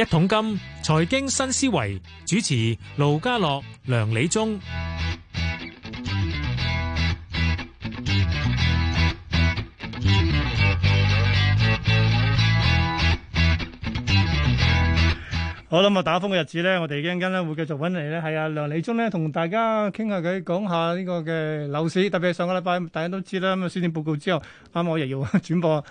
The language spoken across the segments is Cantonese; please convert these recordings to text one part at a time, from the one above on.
一桶金財經新思維，主持盧家樂、梁理中。好多咪打風嘅日子咧，我哋一陣間咧會繼續揾嚟咧。係啊，梁理中咧同大家傾下偈講下呢個嘅樓市，特別係上個禮拜大家都知啦，咁啊，施政報告之後，啱我又要轉播。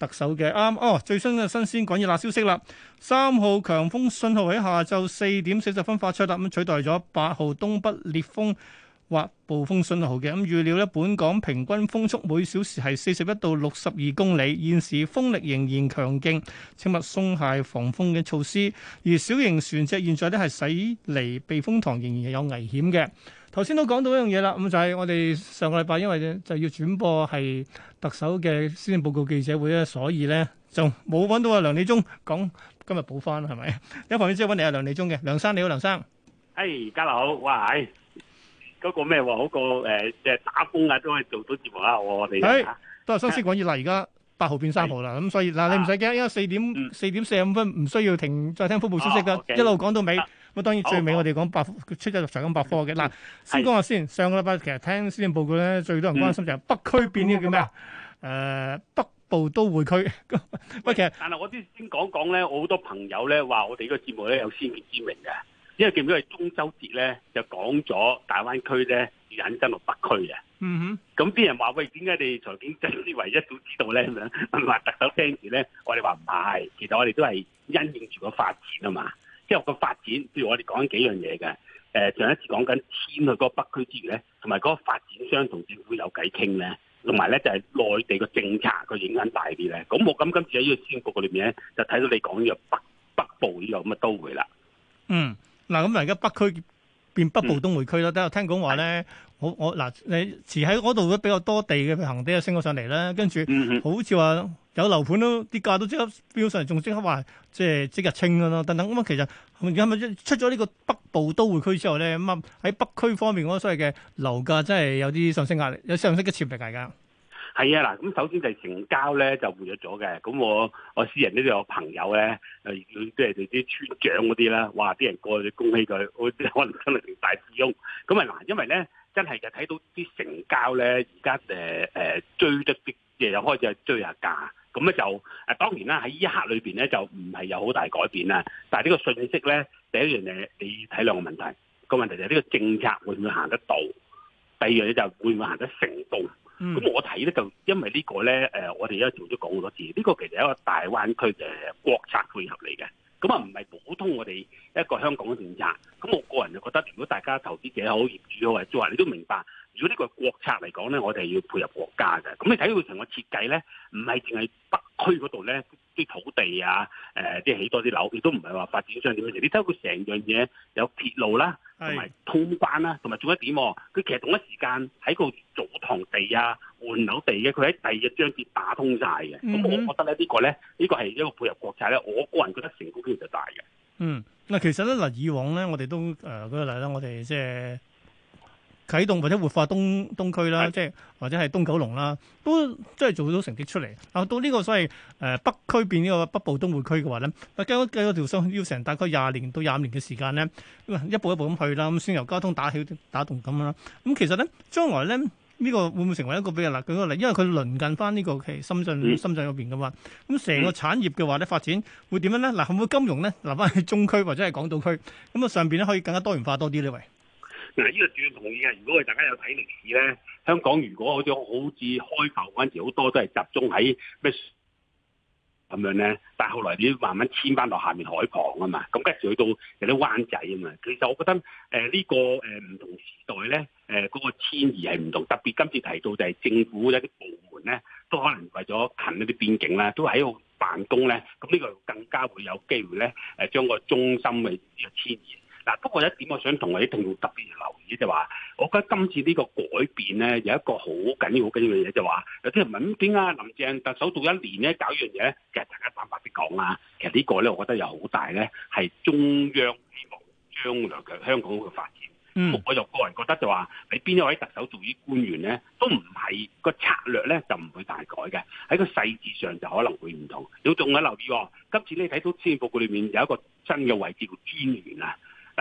特首嘅啱、嗯、哦，最新嘅新鮮滾熱辣消息啦！三號強風信號喺下晝四點四十分發出啦，咁取代咗八號東北烈風或暴風信號嘅咁預料呢，本港平均風速每小時係四十一到六十二公里，現時風力仍然強勁，請勿鬆懈防風嘅措施，而小型船隻現在呢係駛離避風塘仍然有危險嘅。頭先都講到一樣嘢啦，咁就係我哋上個禮拜因為就要轉播係。特首嘅施政報告記者會咧，所以咧就冇揾到阿梁理中講今日補翻係咪？一旁邊之後揾你阿梁理中嘅梁生你好，梁生，誒家樓，喂，嗰個咩話？好過誒即係打風啊都可以做到節目啊！我哋係都係新鮮玩意啦，而家八號變三號啦，咁所以嗱你唔使驚，因為四點四點四十五分唔需要停，再聽風暴消息嘅一路講到尾。咁當然最尾我哋講百出咗六財金百科嘅。嗱、哦嗯，先講下先。上個禮拜其實聽先、嗯、報告咧，最多人關心就係北區變呢個叫咩啊？誒、嗯呃、北部都會區。不過其實，但係我啲先講講咧，我好多朋友咧話我哋呢個節目咧有先見之明嘅，因為見到係中秋節咧就講咗大灣區咧要引伸落北區嘅。嗯哼。咁啲人話喂，點解你財經界啲唯一都知道咧咁樣？話 特首聽住咧，我哋話唔係，其實我哋都係因應住個發展啊嘛。之後個發展，譬如我哋講緊幾樣嘢嘅，誒、呃、上一次講緊遷去嗰北區之餘咧，同埋嗰發展商同政府有偈傾咧，同埋咧就係、是、內地個政策個影響大啲咧。咁我咁今次喺呢個遷局裏面咧，就睇到你講呢個北北部呢個咁嘅都會啦。嗯，嗱咁而家北區變北部東匯區、嗯、啦。等我聽講話咧，我我嗱你遲喺嗰度比較多地嘅行啲都升咗上嚟啦。跟住好似話。嗯有樓盤都啲價都即刻飆上嚟，仲即刻話即係即日清㗎囉。等等咁啊，其實而家咪出咗呢個北部都會區之後咧，咁啊喺北區方面嗰個所謂嘅樓價真係有啲上升壓力，有上升嘅潛力，大家係啊嗱。咁首先就係成交咧就活躍咗嘅。咁我我私人呢度有朋友咧，即係啲村長嗰啲啦，哇！啲人過嚟恭喜佢，我即係可能真係大富翁。咁啊嗱，因為咧真係就睇到啲成交咧，而家誒誒追得啲嘢又開始追下價。咁咧就誒、啊、當然啦，喺依一刻裏邊咧就唔係有好大改變啊。但係呢個信息咧，第一樣嘢你睇兩個問題，個問題就係呢個政策會唔會行得到？第二樣嘢就會唔會行得成功？咁、嗯、我睇咧就因為呢個呢個咧誒，我哋而家做咗講好多次，呢、呢個其實係一個大灣區嘅國策配合嚟嘅。咁啊，唔係普通我哋一個香港嘅政策。咁我個人就覺得，如果大家投資者好、業主好，或者話你都明白，如果呢個係國策嚟講咧，我哋要配合國家嘅。咁你睇佢成個設計咧，唔係淨係北區嗰度咧，啲土地啊，誒、呃，即係起多啲樓，佢都唔係話發展商點樣嚟，你睇佢成樣嘢有鐵路啦、啊，同埋通關啦、啊，同埋仲一點，佢其實同一時間喺個祖堂地啊、換樓地嘅、啊，佢喺第二張地打通晒嘅，咁我覺得咧，呢個、呢、呢個咧，呢個係一個配合國債咧，我個人覺得成功機會就大嘅。嗯，嗱，其實咧嗱，以往咧，我哋都誒嗰、呃嗰個嗱咧，我哋即係。啟動或者活化東東區啦，即係或者係東九龍啦，都真係做到成績出嚟。啊，到呢個所謂誒、呃、北區變呢個北部都會區嘅話咧，計咗計咗條數要成大概廿年到廿五年嘅時間咧，一步一步咁去啦。咁先由交通打起打動咁啦。咁其實咧，將來咧呢、呢個會唔會成為一個比較嗱嗰個例？因為佢鄰近翻呢個其深圳深圳嗰邊嘅嘛。咁成個產業嘅話咧，發展會點樣咧？嗱，可唔可以金融咧留翻去中區或者係港島區？咁啊上邊咧可以更加多元化多啲呢喂！嗱，呢個主要同意嘅。如果大家有睇歷史咧，香港如果好似好早開埠嗰陣時，好多都係集中喺咩咁樣咧。但係後來你慢慢遷翻落下面海旁啊嘛。咁跟住去到有啲灣仔啊嘛。其實我覺得誒呢個誒唔同時代咧，誒嗰個遷移係唔同。特別今次提到就係政府一啲部門咧，都可能為咗近一啲邊境啦，都喺度辦公咧。咁呢個更加會有機會咧，誒將個中心嘅呢個遷移。嗱，不過有一點我想同你一定要特別留意就話，我覺得今次呢個改變咧有一個好緊要、好緊要嘅嘢，就話有啲人問點解林鄭特首做一年咧搞依樣嘢咧？其實大家坦白啲講啊，其實這個呢個咧我覺得又好大咧，係中央希望將來嘅香港嘅發展。嗯。我就個人覺得就話，你邊一位特首做依個官員咧，都唔係個策略咧就唔會大改嘅，喺個細節上就可能會唔同。你要仲要留意，哦，今次你睇到施政報告裏面有一個新嘅位置叫專員啊。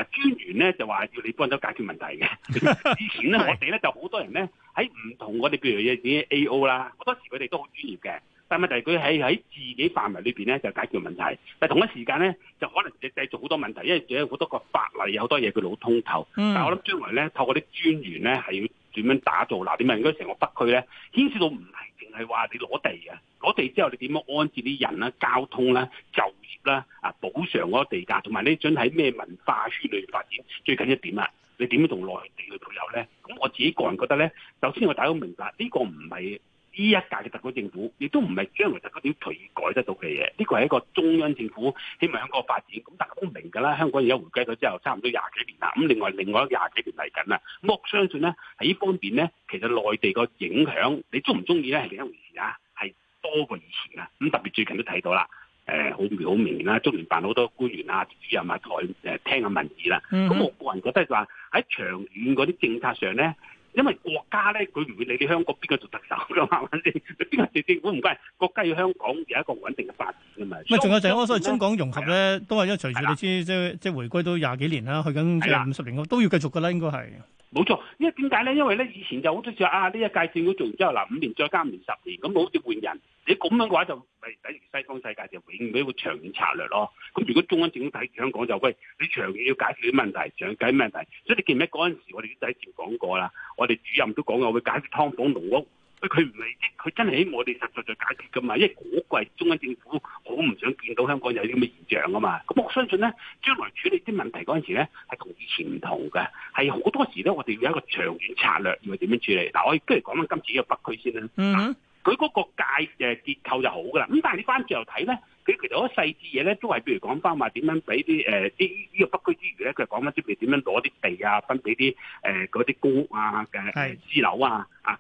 專 員咧就話要你幫手解決問題嘅。以前咧我哋咧就好多人咧喺唔同我哋，譬如嘢 A O 啦，好多時佢哋都好專業嘅。但問題佢喺自己範圍裏邊咧就解決問題。但係同一時間咧就可能製造好多問題，因為有好多個法例，有好多嘢佢好通透。嗯、但係我諗將來咧，透過啲專員咧係要點樣打造嗱？點解應該成個北區咧牽涉到唔係？係、就、話、是、你攞地啊，攞地之後你點樣安置啲人啦、啊、交通啦、啊、就業啦、啊、啊補償嗰地價，同埋你準喺咩文化圈裏發展最緊一點啊？你點樣同內地去配合咧？咁我自己個人覺得咧，首先我大家明白呢、這個唔係。呢一屆嘅特區政府，亦都唔係將來特區政府隨意改得到嘅嘢。呢個係一個中央政府起碼一個發展，咁大家都明㗎啦。香港而家回歸咗之後，差唔多廿幾年啦。咁另外另外廿幾年嚟緊啦。咁我相信咧，喺呢方面咧，其實內地個影響，你中唔中意咧係另一回事啊。係多過以前啊。咁特別最近都睇到啦，誒、呃、好明好明顯啦，中聯辦好多官員啊、主任啊台誒、啊、聽下民意啦。咁、mm -hmm. 我個人覺得就話喺長遠嗰啲政策上咧。因為國家咧，佢唔會理你香港邊個做特首噶嘛，反正邊個做政府唔關。國家要香港有一個穩定嘅法。咪仲有就係我所謂中港融合咧，都係因為隨住你知，即即係回歸都廿幾年啦，去緊廿五十年，都都要繼續噶啦，應該係。冇錯，因為點解咧？因為咧以前就好多事啊！呢一屆政府做完之後，嗱五年再加五年十年，咁好似換人。你咁樣嘅話就咪睇住西方世界就永遠會長遠策略咯。咁如果中央政府睇住香港就喂，你長期要解決啲問題，想解決咩問題？所以你見唔見嗰陣時我哋之前講過啦？我哋主任都講過，我會解決劏房、籠屋。佢唔係啲，佢真係喺我哋實在就解決噶嘛，因為嗰個係中央政府好唔想見到香港有啲咁嘅現象啊嘛。咁我相信咧，將來處理啲問題嗰陣時咧，係同以前唔同嘅，係好多時咧，我哋要一個長遠策略，要點樣處理。嗱、啊，我不如講翻今次呢個北區先啦。嗯，佢嗰個界嘅結構就好噶啦。咁但係你翻轉頭睇咧，佢其實好多細節嘢咧，都係譬如講翻話點樣俾啲誒啲呢個北區之餘咧，佢講翻即係點樣攞啲地啊，分俾啲誒嗰啲公屋啊、誒私樓啊啊。啊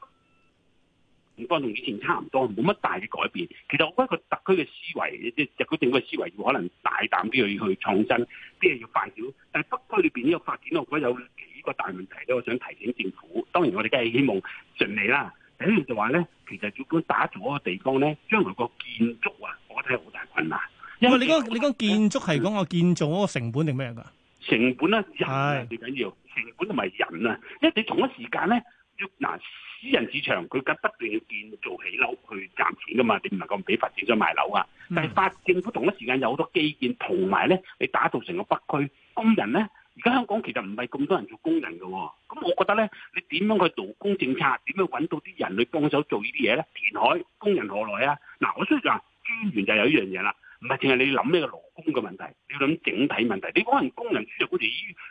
地方同以前差唔多，冇乜大嘅改變。其實我覺得個特區嘅思維，即係特區政府嘅思維，要可能大膽啲去去創新，啲嘢要快啲。但係北區裏邊呢個發展，我覺得有幾個大問題咧。我想提醒政府，當然我哋梗係希望順利啦。第一就話咧，其實主管打造個地方咧，將來個建築啊，我覺得係好大困難。因為你講你講建築係講個建造嗰個成本定咩㗎？成本啦，人呢、哎、最緊要成本同埋人啊，因為你同一時間咧要嗱。呃私人市場佢梗不斷要建造起樓去賺錢噶嘛，你唔能夠唔俾發展商賣樓啊。但係法政府同一時間有好多基建，同埋咧你打造成個北區工人咧，而家香港其實唔係咁多人做工人喎、哦。咁我覺得咧，你點樣去勞工政策？點樣搵到啲人去幫手做呢啲嘢咧？填海工人何來啊？嗱、啊，我雖然話資源就係有一樣嘢啦。唔係淨係你諗咩個勞工嘅問題，你要諗整體問題。你講完工人輸入嗰條，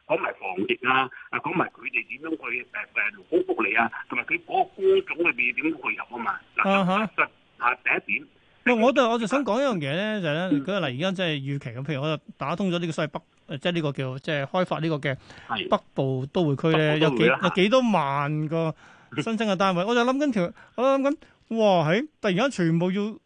講埋防疫啊，啊講埋佢哋點樣去誒誒勞工福利啊，同埋佢嗰個工種裏面點樣配合啊嘛。嗱，其實啊第一點，唔，我就我就想講一樣嘢咧，就係咧嗰個嗱，而家即係預期咁，譬如我就打通咗呢個西北，即係呢個叫即係開發呢個嘅北部都會區咧，有幾有幾多萬個新增嘅單位，我就諗緊條，我諗緊哇，係突然間全部要。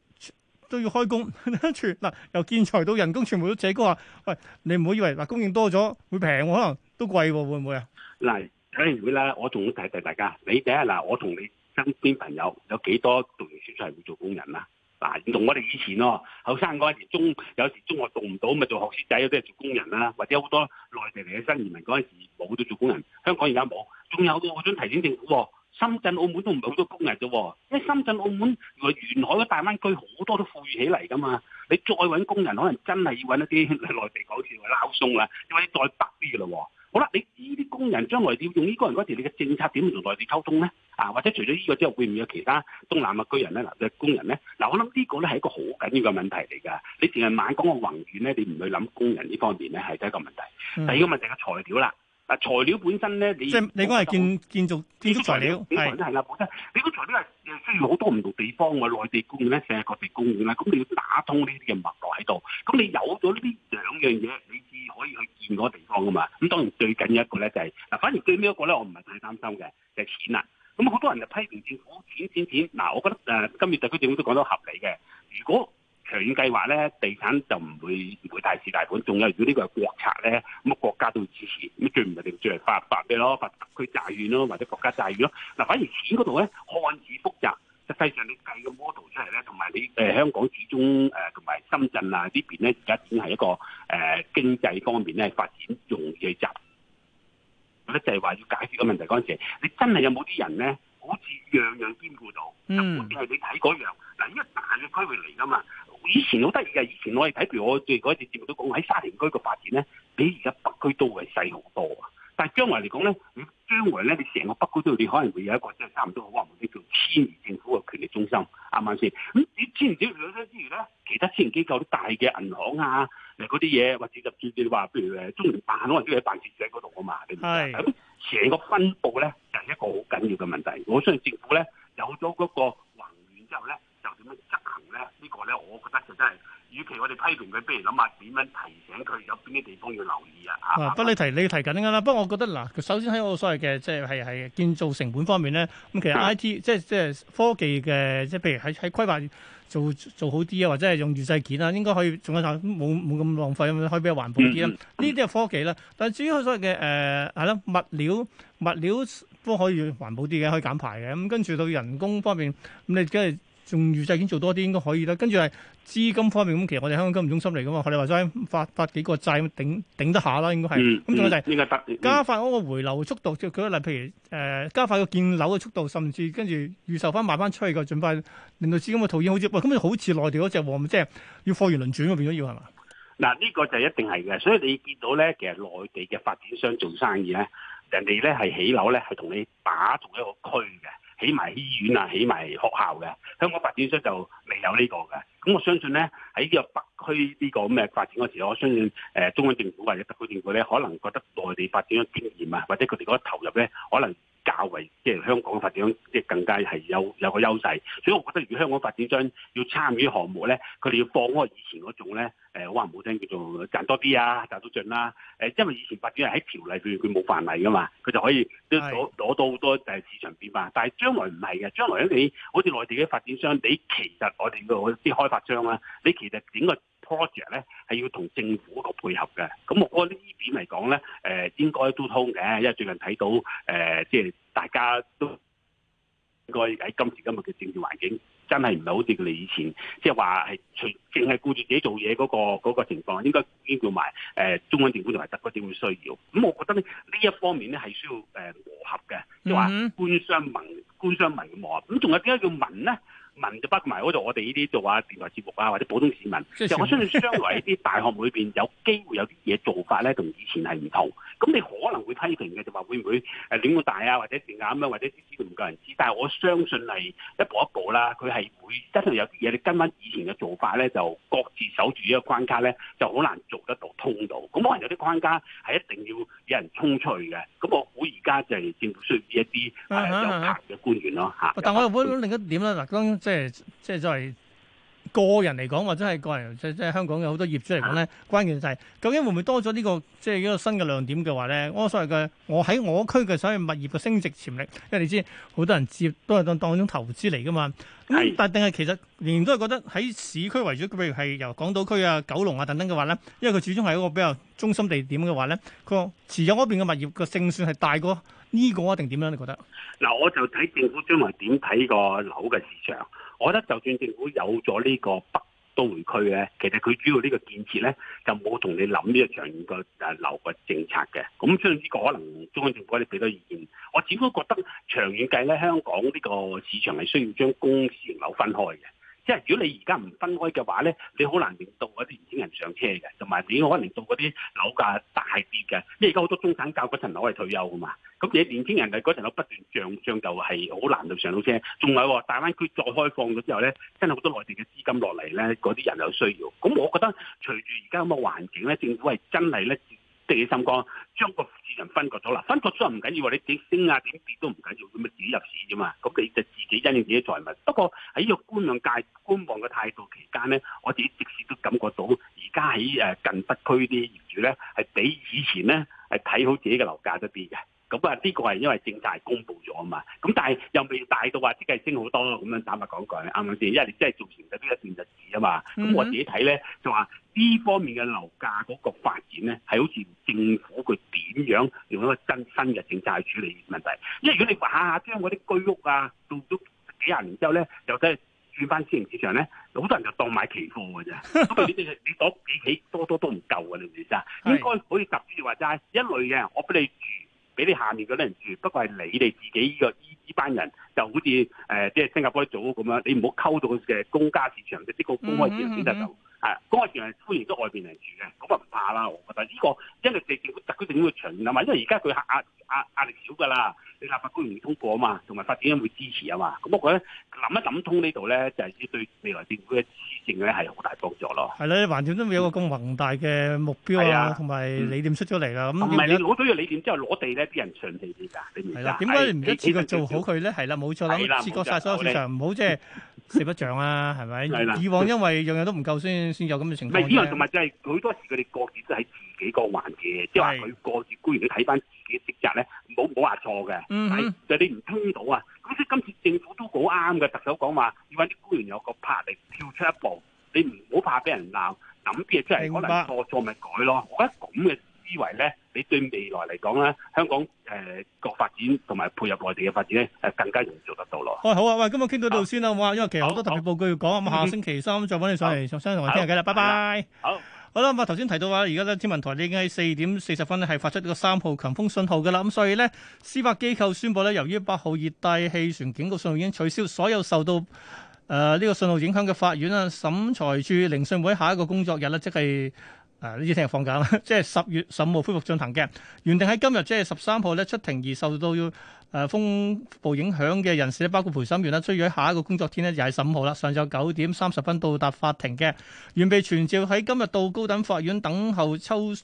都要開工，全嗱由建材到人工全部都借高啊！喂，你唔好以為嗱供應多咗會平喎，可能都貴喎，會唔會啊？嚟梗係會啦！我仲提提大家，你睇下，嗱，我同你身邊朋友有幾多讀完書出嚟會做工人啊？嗱，同我哋以前哦，後生嗰陣時中，有時中學讀唔到咪做學師仔，都係做工人啦，或者好多內地嚟嘅新移民嗰陣時冇都做工人，香港而家冇，仲有我都想提醒政府。深圳、澳門都唔係好多工人啫喎，因為深圳、澳門原來沿海嘅大灣區好多都富裕起嚟噶嘛，你再搵工人可能真係要搵一啲 內地嗰啲嘅撈鬆啦，因為你再北啲喇咯。好啦，你呢啲工人將來要用呢個人嗰時，你嘅政策點同內地溝通咧？啊，或者除咗呢個之後，會唔會有其他東南亞居人咧？嗱、啊，即係工人咧？嗱，我諗呢個咧係一個好緊要嘅問題嚟㗎。你淨係猛講個宏願咧，你唔去諗工人呢、啊、呢工人方面咧，係、嗯、第一個問題。第二個問題嘅材料啦。啊！材料本身咧、就是，你即係你嗰個係建建築建築材料，係啦，本身你個材料係需要好多唔同地方嘅內地供應咧，定係各地供應啦。咁你要打通呢啲嘅脈絡喺度，咁你有咗呢兩樣嘢，你至可以去建嗰個地方㗎嘛。咁當然最緊要一個咧就係、是、嗱，反而最尾一個咧，我唔係太擔心嘅就係、是、錢啦。咁好多人就批評政府錢錢錢。嗱、啊，我覺得誒、呃、今月特區政府都講得合理嘅，如果。長遠計劃咧，地產就唔會唔會大市大盤。仲有如果呢個係國策咧，咁國家都會支持。咁最唔一定，最係發發嘅咯？發特區債券咯，或者國家債券咯。嗱，反而錢嗰度咧，看似複雜。實際上你計個 model 出嚟咧，同埋你誒、呃、香港始終誒同埋深圳啊這邊呢邊咧，而家已經係一個誒、呃、經濟方面咧發展容易嘅集。咁咧就係、是、話要解決個問題嗰陣時，你真係有冇啲人咧，好似樣樣兼顧到？即好係你睇嗰樣嗱，因為大嘅區域嚟噶嘛。以前好得意嘅，以前我哋睇，譬如我哋嗰次節目都講喺沙田區嘅發展咧，比而家北區都係細好多啊！但係將來嚟講咧，咁將來咧，你成個北區都你可能會有一個即係差唔多可能叫做遷移政府嘅權力中心，啱唔啱先？咁你知唔知除此之外咧，其他私人機構啲大嘅銀行啊，嚟嗰啲嘢，或者甚至你話譬如誒中聯辦，可能都喺辦事處嗰度啊嘛，係咁成個分佈咧，就係、是、一個好緊要嘅問題。我相信政府咧有咗嗰個宏願之後咧。執行咧呢、呢個咧，我覺得就真係，與其我哋批評佢，不如諗下點樣提醒佢有邊啲地方要留意啊！啊，不過、啊、你提你提緊㗎啦。不過我覺得嗱，首先喺我所謂嘅即係係係建造成本方面咧，咁其實 I T、啊、即係即係科技嘅，即係譬如喺喺規劃做做好啲啊，或者係用預製件啦，應該可以仲有冇冇咁浪費，咁樣可以比較環保啲啦。呢啲係科技啦。但係至於我所謂嘅誒係啦，物料物料都可以環保啲嘅，可以減排嘅。咁跟住到人工方面，咁你梗係。仲預製件做多啲應該可以啦，跟住係資金方面咁，其實我哋香港金融中心嚟噶嘛，學你話齋發發幾個債頂頂得下啦，應該係。咁、嗯、仲有就係、是嗯、加快嗰個回流速度，即係舉例，譬如誒加快個建樓嘅速度，甚至跟住預售翻賣翻出去嘅，儘快令到資金嘅套現好似，喂，咁又好似內地嗰隻喎，即係要貨源輪轉咁變咗要係嘛？嗱，呢、這個就一定係嘅，所以你見到咧，其實內地嘅發展商做生意咧，人哋咧係起樓咧係同你打同一個區嘅。起埋醫院啊，起埋學校嘅，香港發展商就未有呢個嘅，咁我相信咧喺呢個北區呢個咁嘅發展嗰時候，我相信誒中央政府或者特區政府咧，可能覺得內地發展嘅經驗啊，或者佢哋嗰投入咧，可能。較為即係香港發展即係更加係有有個優勢，所以我覺得如果香港發展商要參與項目咧，佢哋要放開以前嗰種咧，誒好話唔好聽叫做賺多啲啊，賺到盡啦、啊。誒、呃，因為以前發展係喺條例，佢佢冇範例噶嘛，佢就可以都攞攞到好多誒、就係、市場變化。但係將來唔係嘅，將來你好似內地嘅發展商，你其實我哋嘅啲開發商啦、啊，你其實整個。project 咧係要同政府個配合嘅，咁我覺得呢點嚟講咧，誒應該都通嘅，因為最近睇到誒，即係大家都應該喺今時今日嘅政治環境，真係唔係好似佢哋以前，即係話係隨淨係顧住自己做嘢嗰個情況，應該應該埋誒中央政府同埋特區政府需要。咁我覺得咧呢一方面咧係需要誒和合嘅，即係話官商民官商民和合，咁仲有點解叫民咧？問就北都嗰度，我哋呢啲做吓電台節目啊，或者普通市民，其實我相信將來啲大學裏邊有機會有啲嘢做法咧，同以前係唔同。咁你可能會批評嘅就話會唔會誒亂咁大啊，或者電壓咁樣，或者啲資料唔夠人知。但係我相信係一步一步啦，佢係會真係有啲嘢，你跟翻以前嘅做法咧，就各自守住呢個關卡咧，就好難做得到通道。咁可能有啲關卡係一定要有人衝出去嘅。咁我估而家就係政府需要一啲有魄嘅官員咯、啊啊啊啊啊、但我又會諗另一點啦嗱，即係，即係，即係。個人嚟講，或者係個人即即係香港嘅好多業主嚟講咧，關鍵就係、是、究竟會唔會多咗呢、這個即係一個新嘅亮點嘅話咧？我所謂嘅我喺我區嘅所謂物業嘅升值潛力，因為你知好多人接都係當當一種投資嚟噶嘛。咁但定係其實仍然都係覺得喺市區為主，譬如係由港島區啊、九龍啊等等嘅話咧，因為佢始終係一個比較中心地點嘅話咧，佢持有嗰邊嘅物業嘅勝算係大過、啊、呢個定點樣？你覺得？嗱，我就睇政府將來點睇個樓嘅市場。我覺得就算政府有咗呢個北都會區咧，其實佢主要呢個建設咧，就冇同你諗呢個長遠個誒樓嘅政策嘅。咁相信呢個可能中央政府可以俾多意見。我只不過覺得長遠計咧，香港呢個市場係需要將公私樓分開嘅。即係如果你而家唔分開嘅話咧，你好難令到嗰啲年輕人上車嘅，同埋你可能令到嗰啲樓價大跌嘅。因為而家好多中產教嗰層樓係退休噶嘛，咁而年輕人嘅嗰層樓不斷漲漲，就係好難度上到車。仲有大灣區再開放咗之後咧，真係好多內地嘅資金落嚟咧，嗰啲人有需要。咁我覺得隨住而家咁嘅環境咧，政府係真係咧。自己心光，將個市場分割咗啦。分割咗唔緊要，你點升啊，點跌都唔緊要，咁咪自己入市啫嘛。咁你就自己因應自己財物。不過喺呢個觀望界觀望嘅態度期間咧，我自己即使都感覺到，而家喺誒近北區啲業主咧，係比以前咧係睇好自己嘅樓價一啲嘅。咁啊，呢個係因為政策係公布咗啊嘛，咁但係又未大到話即係升好多咯，咁樣坦白講句啱唔啱先？因為你真係做成咗呢一段日子啊嘛。咁、mm -hmm. 我自己睇咧就話呢方面嘅樓價嗰個發展咧，係好似政府佢點樣用一個新新嘅政策去處理問題。因為如果你下下將嗰啲居屋啊到咗幾廿年之後咧，又再轉翻私營市場咧，好多人就當買期貨㗎啫。咁 你你你攞幾起多多都唔夠㗎，你唔知啊？應該可以特別話齋一類嘅，我俾你住。俾你下面嗰啲人住，不過係你哋自己呢個呢、e -E、班人就好似誒，即、呃、係新加坡組咁樣，你唔好溝到佢嘅公家市場嘅呢個公開市場先得，就、嗯、係、嗯嗯嗯、公開市場歡迎咗外邊人住嘅，咁啊唔怕啦，我覺得呢、呢個因為地政府特區政府嘅長遠諗啊，因為而家佢壓壓壓壓力少㗎啦。你立法官員會通過啊嘛，同埋發展商會支持啊嘛，咁我覺得諗一諗通呢度咧，就係對未來政府嘅施政咧係好大幫助咯。係啦，橫掂都未有個咁宏大嘅目標啊，同埋理念出咗嚟啦。咁唔係你攞咗個理念之後攞地咧，啲人順氣啲㗎。你明唔明啊？點解唔一次過做好佢咧？係啦，冇錯啦。次過晒所有市場，唔好即係食不長啊？係咪？係啦。以往因為樣樣都唔夠，先先有咁嘅情況。咪因為同埋即係好多時佢哋各自都喺自己個環嘅，即係話佢各自官員都睇翻自己職責咧。冇冇話錯嘅，就、嗯、係、嗯、你唔通到啊！咁即係今次政府都好啱嘅，特首講話要揾啲官員有個魄力跳出一步，你唔好怕俾人鬧，諗嘅嘢真係可能錯錯咪改咯。我覺得咁嘅思維咧，你對未來嚟講咧，香港誒個、呃、發展同埋配合內地嘅發展咧，誒更加容易做得到咯。好啊，喂，今日傾到呢度先啦，好啊？因為其實好多特別報告要講，咁下星期三再揾你上嚟，重新同我傾下偈啦，拜拜。好。好啦，我頭先提到話，而家咧天文台已經喺四點四十分咧係發出呢個三號強風信號㗎啦。咁所以呢司法機構宣布呢，由於八號熱帶氣旋警告信號已經取消，所有受到誒呢個信號影響嘅法院啊、審裁處、聆訊會，下一個工作日呢，即係誒呢啲聽日放假啦，即係十月十五號恢復進行嘅，原定喺今日即係十三號呢出庭而受到要。誒風暴影響嘅人士呢，包括陪審員啦，將喺下一個工作天呢就係十五號啦，上晝九點三十分到達法庭嘅，原被傳召喺今日到高等法院等候抽。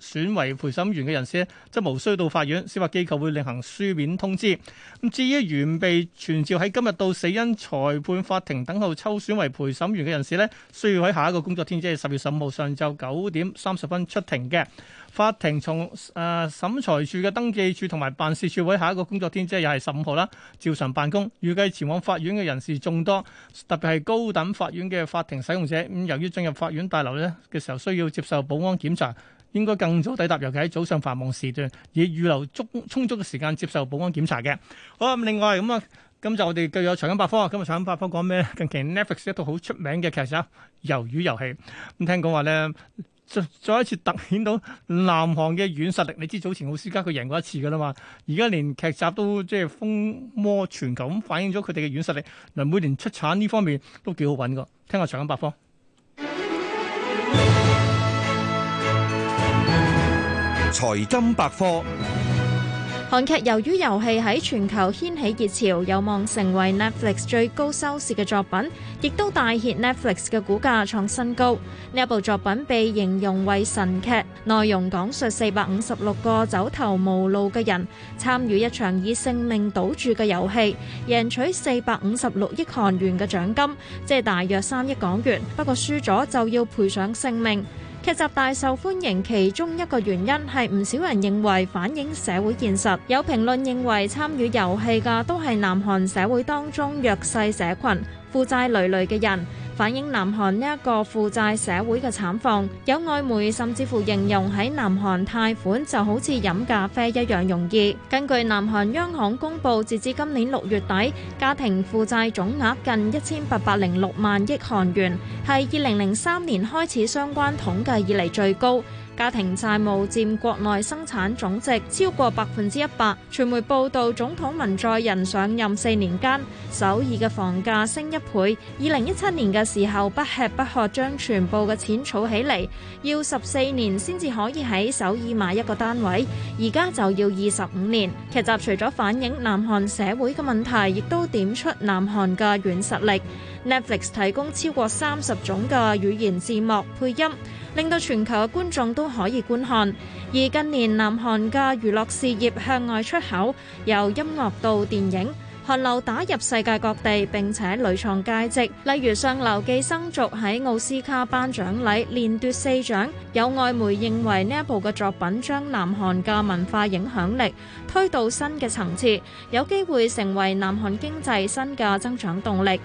選為陪審員嘅人士咧，即係無需到法院司法機構會另行書面通知。咁至於原被傳召喺今日到死因裁判法庭等候抽選為陪審員嘅人士咧，需要喺下一個工作天，即係十月十五號上晝九點三十分出庭嘅法庭。從誒審裁處嘅登記處同埋辦事處喺下一個工作天，即係又係十五號啦，照常辦公。預計前往法院嘅人士眾多，特別係高等法院嘅法庭使用者。咁由於進入法院大樓咧嘅時候需要接受保安檢查。應該更早抵達，尤其喺早上繁忙時段，以預留足充足嘅時間接受保安檢查嘅。好啊，另外咁啊，咁就我哋繼續有長銀百科。今日長銀百科講咩？近期 Netflix 一套好出名嘅劇集《魷魚遊戲》。咁聽講話咧，再再一次突顯到南韓嘅軟實力。你知早前奧斯卡佢贏過一次噶啦嘛？而家連劇集都即係風靡全球，咁反映咗佢哋嘅軟實力。嗱，每年出產呢方面都幾好揾噶。聽下長銀百科。財金百貨。韓劇魷魚遊戲喺全球掀起熱潮，有望成為 Netflix 最高收視嘅作品，亦都大起 Netflix 嘅股價創新高。呢一部作品被形容為神劇，內容講述四百五十六個走投無路嘅人參與一場以性命賭注嘅遊戲，贏取四百五十六億韓元嘅獎金，即係大約三億港元。不過輸咗就要賠上性命。劇集大受歡迎，其中一個原因係唔少人認為反映社會現實。有評論認為參與遊戲嘅都係南韓社會當中弱勢社群。負債累累嘅人反映南韓呢一個負債社會嘅慘況，有外媒甚至乎形容喺南韓貸款就好似飲咖啡一樣容易。根據南韓央行公布，截至今年六月底，家庭負債總額近一千八百零六萬億韓元，係二零零三年開始相關統計以嚟最高。家庭債務佔國內生產總值超過百分之一百。傳媒報導，總統文在寅上任四年間，首爾嘅房價升一倍。二零一七年嘅時候，不吃不喝將全部嘅錢儲起嚟，要十四年先至可以喺首爾買一個單位，而家就要二十五年。劇集除咗反映南韓社會嘅問題，亦都點出南韓嘅軟實力。Netflix 提供超過三十種嘅語言字幕配音。令到全球嘅觀眾都可以觀看，而近年南韓嘅娛樂事業向外出口，由音樂到電影，韓流打入世界各地並且屢創佳績。例如《上流寄生族》喺奧斯卡頒獎禮連奪四獎，有外媒認為呢一部嘅作品將南韓嘅文化影響力推到新嘅層次，有機會成為南韓經濟新嘅增長動力。